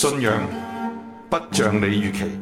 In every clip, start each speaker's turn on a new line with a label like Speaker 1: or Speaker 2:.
Speaker 1: 信仰不像你預期。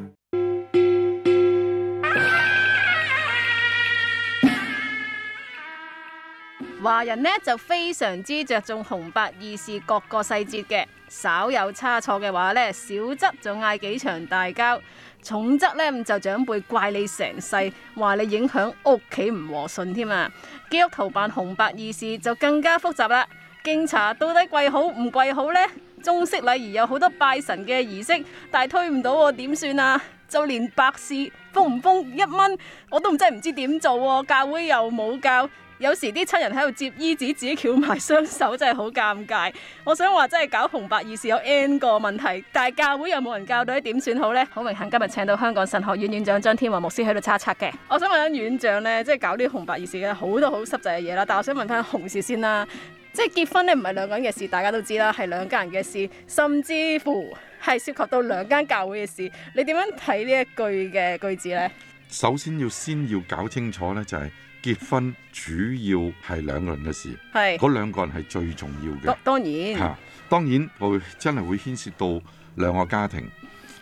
Speaker 2: 華人呢就非常之着重紅白二事各個細節嘅，稍有差錯嘅話呢，小則就嗌幾場大交，重則呢就長輩怪你成世，話你影響屋企唔和順添啊！基督徒辦紅白二事就更加複雜啦，敬茶到底跪好唔跪好呢？中式禮儀有好多拜神嘅儀式，但係推唔到喎，點算啊？就連白事封唔封一蚊，我都唔真係唔知點做喎、啊。教會又冇教，有時啲親人喺度接衣紙，自己翹埋雙手，真係好尷尬。我想話真係搞紅白儀事有 n 個問題，但係教會又冇人教到啲點算好呢？好榮幸今日請到香港神學院院長張天和牧師喺度叉叉嘅。我想問下院長呢，即、就、係、是、搞啲紅白儀事嘅好多好濕滯嘅嘢啦，但係我想問翻紅事先啦。即係結婚咧，唔係兩個人嘅事，大家都知啦，係兩家人嘅事，甚至乎係涉及到兩間教會嘅事。你點樣睇呢一句嘅句子呢？
Speaker 1: 首先要先要搞清楚呢，就係結婚主要係兩，是兩個人嘅事，係嗰兩個人係最重要嘅。當然嚇、啊，當然會真係會牽涉到兩個家庭。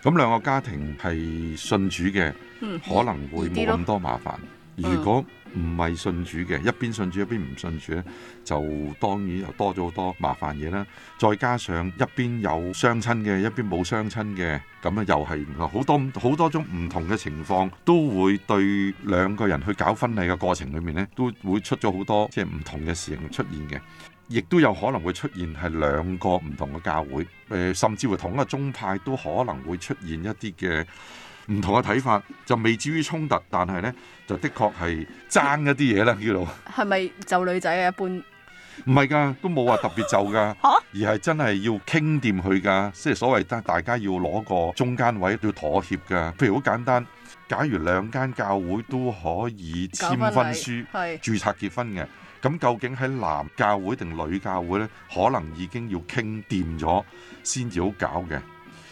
Speaker 1: 咁兩個家庭係信主嘅，嗯、可能會冇咁多麻煩。嗯、如果唔係信主嘅，一邊信主一邊唔信主咧，就當然又多咗好多麻煩嘢啦。再加上一邊有雙親嘅，一邊冇雙親嘅，咁啊又係好多好多種唔同嘅情況，都會對兩個人去搞婚禮嘅過程裏面呢，都會出咗好多即係唔同嘅事情出現嘅。亦都有可能會出現係兩個唔同嘅教會，誒、呃、甚至會同一個宗派都可能會出現一啲嘅。唔同嘅睇法就未至於衝突，但係呢就的確係爭一啲嘢啦，叫做。
Speaker 2: 係咪就女仔嘅一般？
Speaker 1: 唔係㗎，都冇話特別就㗎， 而係真係要傾掂佢㗎，即係所謂大家要攞個中間位都要妥協㗎。譬如好簡單，假如兩間教會都可以簽婚書、註冊結婚嘅，咁究竟喺男教會定女教會呢？可能已經要傾掂咗先至好搞嘅。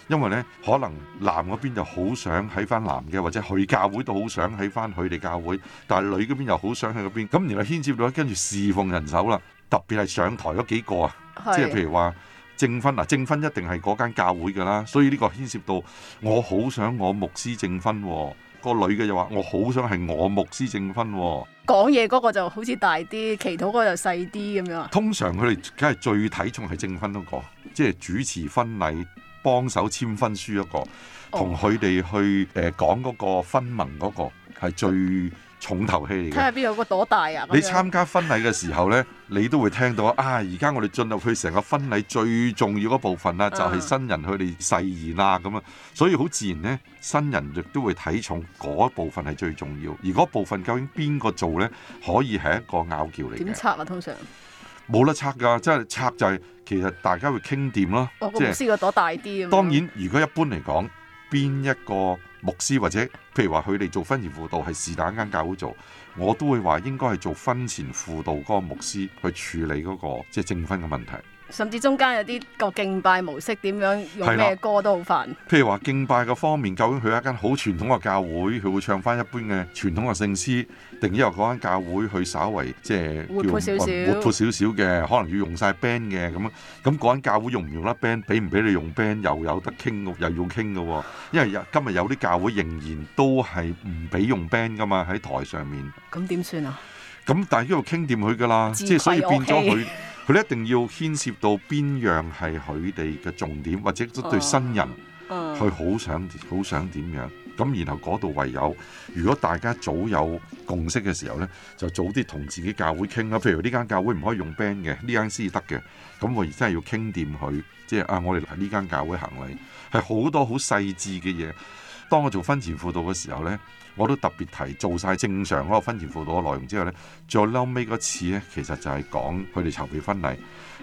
Speaker 1: 因為咧，可能男嗰邊就好想喺翻男嘅，或者佢教會都好想喺翻佢哋教會，但係女嗰邊又好想去嗰邊，咁而係牽涉到跟住侍奉人手啦。特別係上台嗰幾個啊，是即係譬如話證婚啊，證婚一定係嗰間教會㗎啦。所以呢個牽涉到我好想我牧師證婚喎，個女嘅又話我好想係我牧師證婚喎。
Speaker 2: 講嘢嗰個就好似大啲，祈禱嗰個就細啲咁樣啊。
Speaker 1: 通常佢哋梗係最睇重係證婚嗰個，即係主持婚禮。幫手簽婚書一個，同佢哋去誒、呃、講嗰個婚盟嗰、嗰個係最重頭戲嚟嘅。睇下
Speaker 2: 邊有個朵大啊！你參
Speaker 1: 加婚禮嘅時候呢，你都會聽到啊！而家我哋進入去成個婚禮最重要嗰部分啦，就係、係、新人佢哋誓言啦咁啊，嗯、所以好自然呢，新人亦都會睇重嗰部分係最重要。而嗰部分究竟邊個做呢？可以係一個拗撬嚟嘅？點
Speaker 2: 插啊？通常？
Speaker 1: 冇得拆㗎，即係拆就係、是、其實大家會傾掂咯，即係、哦那個、牧師個朵
Speaker 2: 大啲啊、就是。當然，
Speaker 1: 如果一般嚟講，邊一個牧師或者譬如話佢哋做婚前輔導係是但間教會做，我都會話應該係做婚前輔導嗰個牧師去處理嗰、那個即係、就是、證婚嘅問題。
Speaker 2: 甚至中間有啲個敬拜模式點樣用咩歌都好煩。
Speaker 1: 譬如話敬拜個方面，究竟佢係一間好傳統嘅教會，佢會唱翻一般嘅傳統嘅聖詩，定之後講緊教會佢稍為即係活潑少少、活潑少少嘅，可能要用晒 band 嘅咁。咁講緊教會用唔用得 band，俾唔俾你用 band 又有得傾，又要傾嘅。因為今日有啲教會仍然都係唔俾用 band 噶嘛，喺台上面。咁點算啊？咁但係呢度傾掂佢噶啦，即係、OK、所以變咗佢。佢一定要牽涉到邊樣係佢哋嘅重點，或者對新人，佢好想好想點樣？咁然後嗰度唯有，如果大家早有共識嘅時候呢，就早啲同自己教會傾啦。譬如呢間教會唔可以用 band 嘅，呢間先得嘅。咁我而真係要傾掂佢，即係啊！我哋嚟呢間教會行禮係好多好細緻嘅嘢。當我做婚前輔導嘅時候呢，我都特別提做晒正常嗰個婚前輔導嘅內容之後呢，再撈尾嗰次呢，其實就係講佢哋籌備婚禮。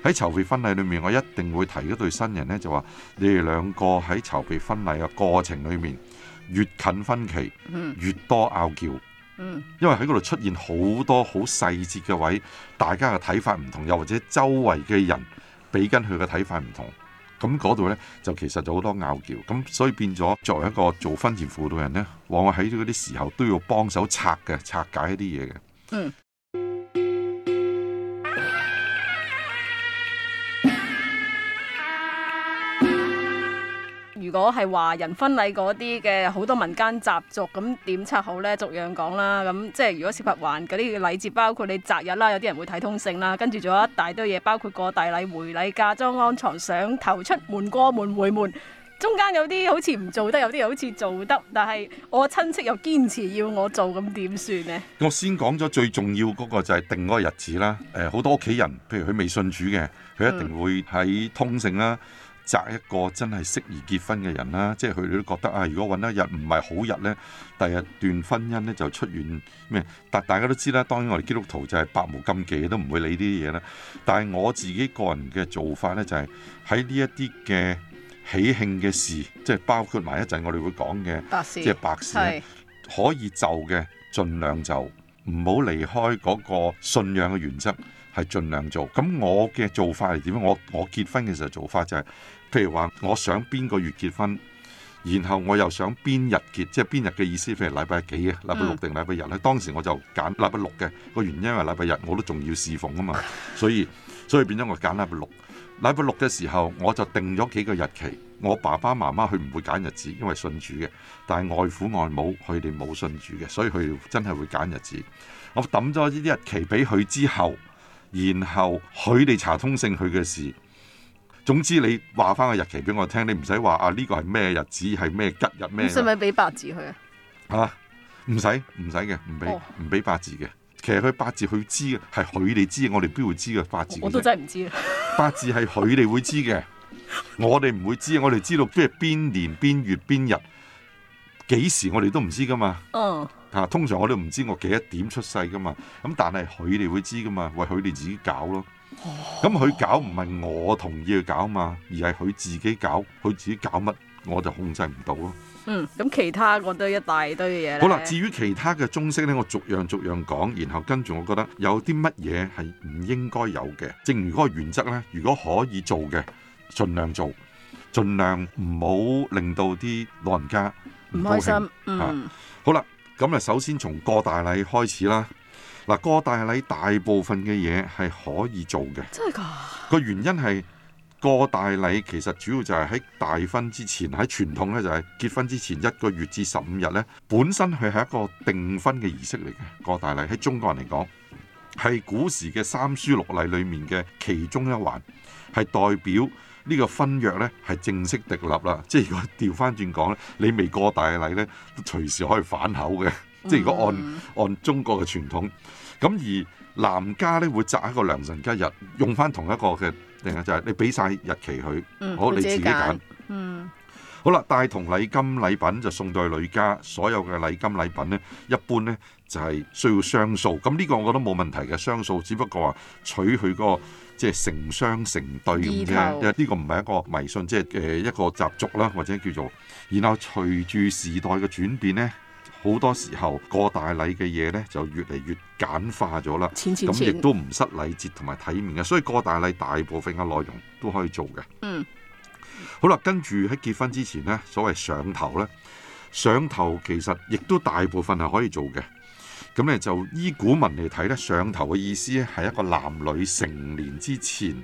Speaker 1: 喺籌備婚禮裏面，我一定會提嗰對新人呢，就話你哋兩個喺籌備婚禮嘅過程裏面，越近婚期，越多拗撬，因為喺嗰度出現好多好細節嘅位，大家嘅睇法唔同，又或者周圍嘅人俾緊佢嘅睇法唔同。咁嗰度呢，就其實就好多拗撬，咁所以變咗作為一個做婚前輔導人呢，往往喺嗰啲時候都要幫手拆嘅、拆解一啲嘢嘅。嗯。
Speaker 2: 如果係華人婚禮嗰啲嘅好多民間習俗，咁點拆好呢？逐樣講啦，咁即係如果涉及環嗰啲禮節，包括你擇日啦，有啲人會睇通勝啦，跟住仲有一大堆嘢，包括過大禮、回禮、嫁妝、安床、上頭、出門過門回門，中間有啲好似唔做得，有啲人好似做得，但係我親戚又堅持要我做，咁點算呢？
Speaker 1: 我先講咗最重要嗰個就係定嗰個日子啦。好多屋企人，譬如佢未信主嘅，佢一定會喺通勝啦。嗯擇一個真係適宜結婚嘅人啦，即係佢哋都覺得啊，如果揾一日唔係好日呢，第日段婚姻呢就出現咩？但大家都知啦，當然我哋基督徒就係百無禁忌，都唔會理呢啲嘢啦。但係我自己個人嘅做法呢、就是，就係喺呢一啲嘅喜慶嘅事，即係包括埋一陣我哋會講嘅，即係白事，白事是可以就嘅，儘量就唔好離開嗰個信仰嘅原則，係儘量做。咁我嘅做法係點樣？我我結婚嘅時候做法就係、是。譬如話，我想邊個月結婚，然後我又想邊日結，即係邊日嘅意思，譬如禮拜幾啊，禮拜六定禮拜日咧？當時我就揀禮拜六嘅個原因係禮拜日，我都仲要侍奉啊嘛，所以所以變咗我揀禮拜六。禮拜六嘅時候，我就定咗幾個日期。我爸爸媽媽佢唔會揀日子，因為信主嘅，但係外父外母佢哋冇信主嘅，所以佢真係會揀日子。我揼咗呢啲日期俾佢之後，然後佢哋查通勝佢嘅事。總之你話翻個日期俾我聽，你唔使話啊呢、這個係咩日子，係咩吉日咩？你係咪
Speaker 2: 俾八字佢啊？
Speaker 1: 吓、啊？唔使唔使嘅，唔俾唔俾八字嘅。其實佢八字佢知嘅，係佢哋知，嘅，我哋邊會知嘅八字。我都真係唔知。八字係佢哋會知嘅， 我哋唔會知。我哋知道即係邊年邊月邊日幾時，我哋都唔知噶嘛。嗯。吓，通常我都唔知我幾多點出世噶嘛。咁但係佢哋會知噶嘛，為佢哋自己搞咯。咁佢搞唔係我同意去搞嘛，而係佢自己搞，佢自己搞乜我就控制唔到咯。嗯，
Speaker 2: 咁其他我都一大堆嘢。好啦，至
Speaker 1: 於其他嘅中式呢，我逐樣逐樣講，然後跟住我覺得有啲乜嘢係唔應該有嘅，正如嗰個原則呢，如果可以做嘅，盡量做，盡量唔好令到啲老人家唔開心。嗯，好啦，咁啊，首先從過大禮開始啦。嗱，過大禮大部分嘅嘢係可以做嘅，真係㗎？個原因係過大禮其實主要就係喺大婚之前，喺傳統咧就係結婚之前一個月至十五日咧，本身佢係一個訂婚嘅儀式嚟嘅。過大禮喺中國人嚟講，係古時嘅三書六禮裡面嘅其中一環，係代表呢個婚約咧係正式訂立啦。即係如果調翻轉講咧，你未過大禮咧，都隨時可以反口嘅。即係如果按按中國嘅傳統。咁而男家咧會擇一個良辰吉日，用翻同一個嘅，定係就係你俾晒日期佢，嗯、好自你自己揀。嗯。好啦，帶同禮金禮品就送到去女家，所有嘅禮金禮品咧，一般咧就係、是、需要雙數。咁呢個我覺得冇問題嘅雙數，只不過話取佢個即係成雙成對咁啫。然後呢個唔係一個迷信，即係誒一個習俗啦，或者叫做。然後隨住時代嘅轉變咧，好多時候過大禮嘅嘢呢就越嚟越簡化咗啦。咁亦都唔失禮節同埋體面嘅，所以過大禮大部分嘅內容都可以做嘅。嗯。好啦，跟住喺結婚之前呢，所謂上頭呢，上頭其實亦都大部分係可以做嘅。咁咧就依古文嚟睇呢，上頭嘅意思係一個男女成年之前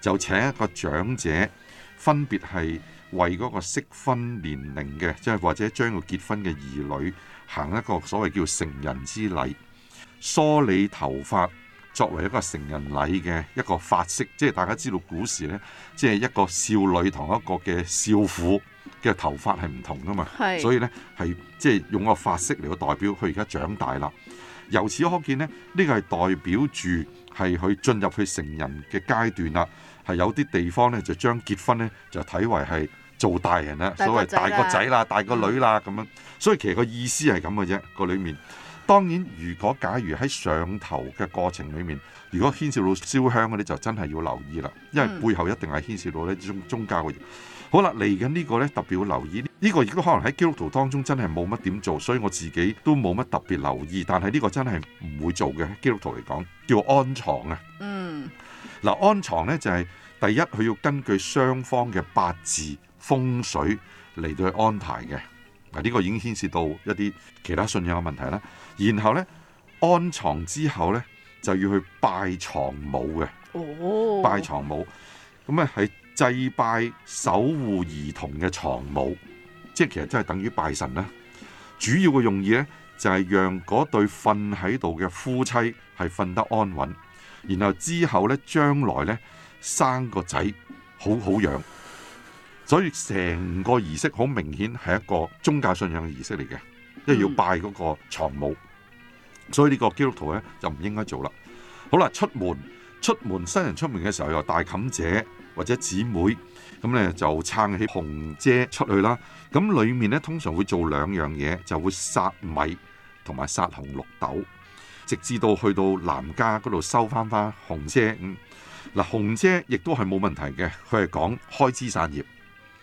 Speaker 1: 就請一個長者，分別係為嗰個適婚年齡嘅，即係或者將個結婚嘅兒女，行一個所謂叫成人之禮，梳理頭髮作為一個成人禮嘅一個髮式，即係大家知道古時呢，即係一個少女同一個嘅少婦嘅頭髮係唔同噶嘛，是所以呢，係即係用個髮式嚟嘅代表佢而家長大啦。由此可見呢，呢個係代表住係佢進入去成人嘅階段啦。係有啲地方呢，就將結婚呢，就睇為係。做大人啦，所謂大個仔啦，大個女啦咁樣，所以其實個意思係咁嘅啫。個裡面當然，如果假如喺上頭嘅過程裡面，如果牽涉到燒香嗰啲，就真係要留意啦，因為背後一定係牽涉到呢宗宗教嘅。好啦，嚟緊呢個呢，特別要留意呢、呢個已經可能喺基督徒當中真係冇乜點做，所以我自己都冇乜特別留意。但係呢個真係唔會做嘅基督徒嚟講叫安床啊。嗯，嗱安床呢、就係，就係第一佢要根據雙方嘅八字。風水嚟到去安排嘅。嗱、這、呢個已經牽涉到一啲其他信仰嘅問題啦。然後呢，安床之後呢，就要去拜床母嘅，
Speaker 2: 哦，拜
Speaker 1: 床母，咁咧係祭拜守護兒童嘅床母，即係其實真係等於拜神啦。主要嘅用意呢，就係、是、讓嗰對瞓喺度嘅夫妻係瞓得安穩，然後之後呢，將來呢，生個仔好好養。所以成個儀式好明顯係一個宗教信仰嘅儀式嚟嘅，因為要拜嗰個床母，所以呢個基督徒咧就唔應該做啦。好啦，出門，出門新人出門嘅時候，又帶大妗姐或者姊妹咁咧，就撐起紅遮出去啦。咁裡面咧通常會做兩樣嘢，就會撒米同埋撒紅綠豆，直至到去到男家嗰度收翻翻紅遮。嗱，紅遮亦都係冇問題嘅，佢係講開枝散葉。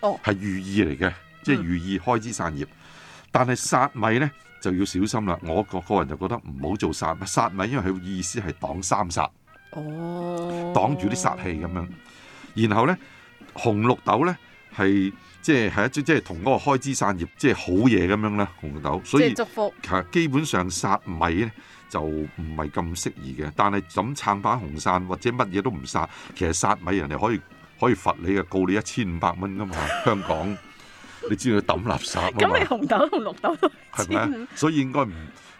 Speaker 1: 係、哦、寓意嚟嘅，即、就、係、是、寓意開枝散葉。嗯、但係殺米咧就要小心啦。我個個人就覺得唔好做殺，殺米因為佢意思係擋三殺，哦，擋住啲殺氣咁樣。然後咧紅綠豆咧係即係係一即係同個開枝散葉即係、就是、好嘢咁樣啦。紅綠豆，所以其實基本上殺米咧就唔係咁適宜嘅。但係咁撐把紅傘或者乜嘢都唔殺，其實殺米人哋可以。可以罰你啊，告你一千五百蚊噶嘛，香港，你知道抌垃圾。咁你紅
Speaker 2: 豆同綠豆都係咩？
Speaker 1: 所以應該唔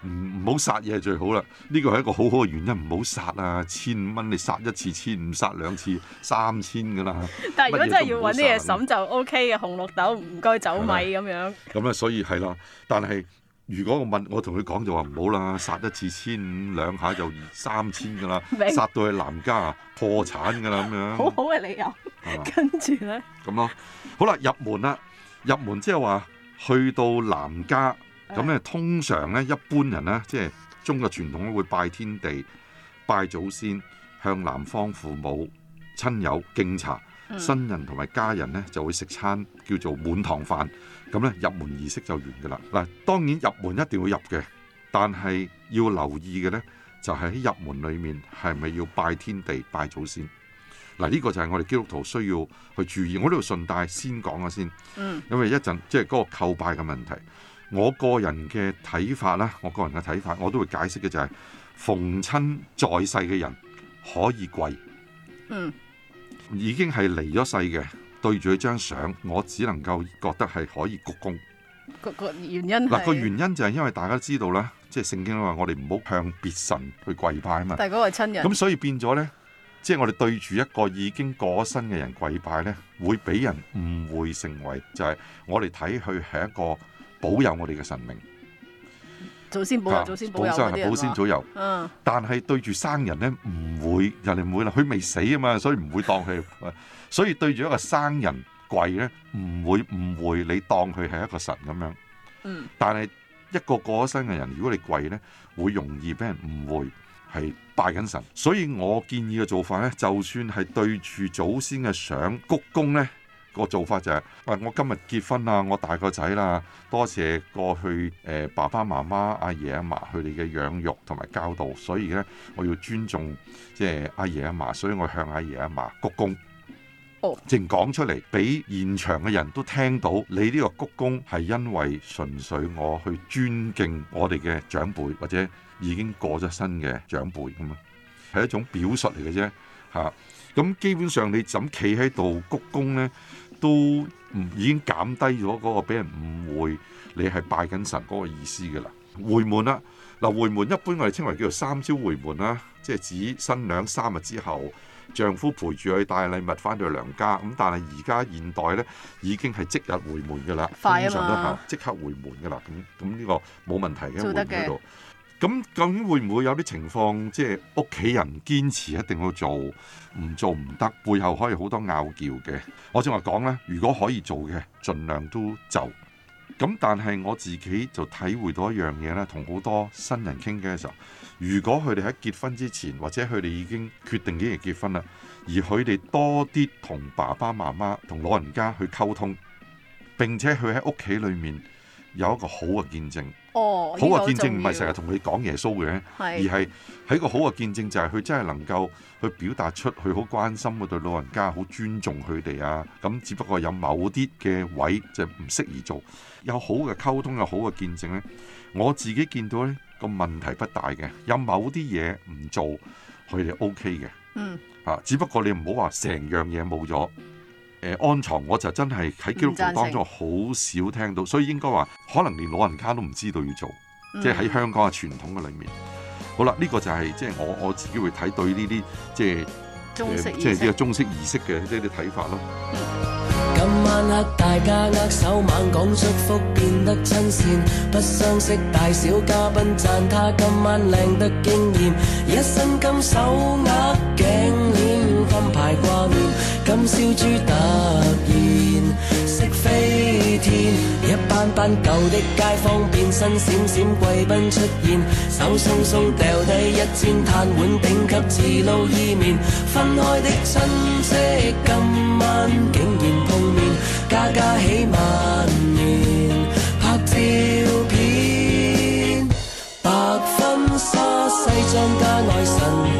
Speaker 1: 唔唔好殺嘢係最好啦。呢個係一個好好嘅原因，唔好殺啊，千五蚊你殺一次，千五殺兩次，三千㗎啦。但係如果真係要揾啲嘢審
Speaker 2: 就 OK 嘅，紅綠豆唔該走米咁樣。
Speaker 1: 咁啊， 所以係啦，但係。如果我問我同佢講就話唔好啦，殺一次千五兩下就三千㗎喇， 殺到去男家破產㗎喇咁樣。好
Speaker 2: 好嘅理由，跟住咧
Speaker 1: 咁咯。好啦，入門啦，入門即係話去到男家，咁咧 通常咧一般人咧即係中國傳統都會拜天地、拜祖先，向男方父母親友敬茶。嗯、新人同埋家人呢，就會食餐叫做滿堂飯，咁呢，入門儀式就完噶啦。嗱，當然入門一定要入嘅，但係要留意嘅呢，就係喺入門裏面係咪要拜天地、拜祖先？嗱，呢個就係我哋基督徒需要去注意。我呢度順帶先講下先，嗯、因為一陣即係嗰個叩拜嘅問題，我個人嘅睇法啦，我個人嘅睇法我都會解釋嘅就係、是，逢親在世嘅人可以跪。嗯。已經係離咗世嘅，對住佢張相，我只能夠覺得係可以鞠躬。
Speaker 2: 嗰個原因嗱，個原
Speaker 1: 因就係因為大家都知道啦，即係聖經話我哋唔好向別神去跪拜啊嘛。但係
Speaker 2: 嗰個親人咁，所
Speaker 1: 以變咗呢，即係我哋對住一個已經過咗身嘅人跪拜呢，會俾人誤會成為就係我哋睇佢係一個保佑我哋嘅神明。
Speaker 2: 祖先保佑，祖先保佑。嗯。
Speaker 1: 但係對住生人咧，唔會人哋唔會啦，佢未死啊嘛，所以唔會當佢。 所以對住一個生人跪咧，唔會誤會你當佢係一個神咁樣。嗯。但係一個過咗身嘅人，如果你跪咧，會容易俾人誤會係拜緊神。所以我建議嘅做法咧，就算係對住祖先嘅像鞠躬咧。個做法就係：喂，我今日結婚啦，我大個仔啦，多謝過去誒爸爸媽媽、阿爺阿嫲佢哋嘅養育同埋教導，所以呢，我要尊重即係阿爺阿嫲，所以我向阿爺阿嫲鞠躬。哦、oh.，淨講出嚟俾現場嘅人都聽到，你呢個鞠躬係因為純粹我去尊敬我哋嘅長輩或者已經過咗身嘅長輩咁啊，係一種表述嚟嘅啫嚇。咁、啊、基本上你咁企喺度鞠躬呢？都唔已經減低咗嗰個俾人誤會，你係拜緊神嗰個意思嘅啦、啊。回門啦，嗱，回門一般我哋稱為叫做三朝回門啦、啊，即係指新娘三日之後，丈夫陪住佢帶禮物翻到娘家。咁但係而家現代咧已經係即日回門嘅啦，快吧上都嘛，即刻回門嘅啦。咁咁呢個冇問題嘅回門呢度。咁究竟會唔會有啲情況，即係屋企人堅持一定要做，唔做唔得，背後可以好多拗撬嘅。我正話講咧，如果可以做嘅，盡量都就。咁但係我自己就體會到一樣嘢咧，同好多新人傾偈嘅時候，如果佢哋喺結婚之前，或者佢哋已經決定幾日結婚啦，而佢哋多啲同爸爸媽媽、同老人家去溝通，並且佢喺屋企裏面有一個好嘅見證。
Speaker 3: 哦，這個、好嘅見證唔係
Speaker 1: 成日同佢講耶穌嘅，是而係喺個好嘅見證就係佢真係能夠去表達出佢好關心，佢對老人家好尊重佢哋啊，咁只不過有某啲嘅位就唔適宜做，有好嘅溝通，有好嘅見證呢。我自己見到呢個問題不大嘅，有某啲嘢唔做佢哋 O K 嘅
Speaker 3: ，OK、
Speaker 1: 嗯，啊，只不過你唔好話成樣嘢冇咗。呃、安床我就真係喺基督徒當中好少聽到，所以應該話可能連老人家都唔知道要做，嗯、即係喺香港嘅傳統嘅裏面。好啦，呢、這個就係、是、即係我我自己會睇對呢啲即係
Speaker 4: 即係呢個中式儀式嘅呢啲睇法咯。燒豬突然識飛天，一班班舊的街坊變身閃閃貴賓出現，手鬆鬆掉低一千嘆碗頂級字撈伊麵，分開的親戚今晚竟然碰面，家家喜萬年拍照片，白婚紗西裝加愛神。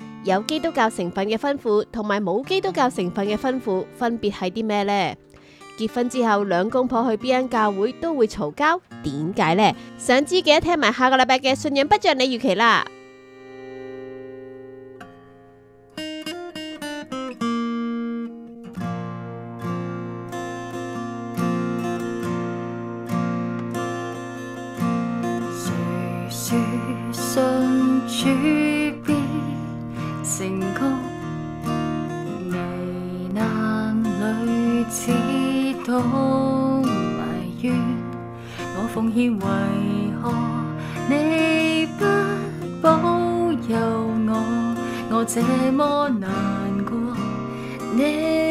Speaker 2: 有基督教成分嘅吩咐同埋冇基督教成分嘅吩咐，分別係啲咩呢？結婚之後兩公婆去邊間教會都會嘈交，點解呢？想知記得聽埋下個禮拜嘅信仰不像你預期啦。
Speaker 3: 誰是信主？成功危難裏，只懂埋怨。我奉獻，為何你不保佑我？我這麼難過，你。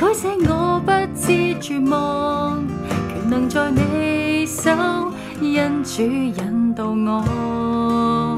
Speaker 3: 改寫我不知絕望，權能在你手，因主引導我。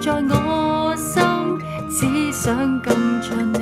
Speaker 3: 常在我心，只想更近。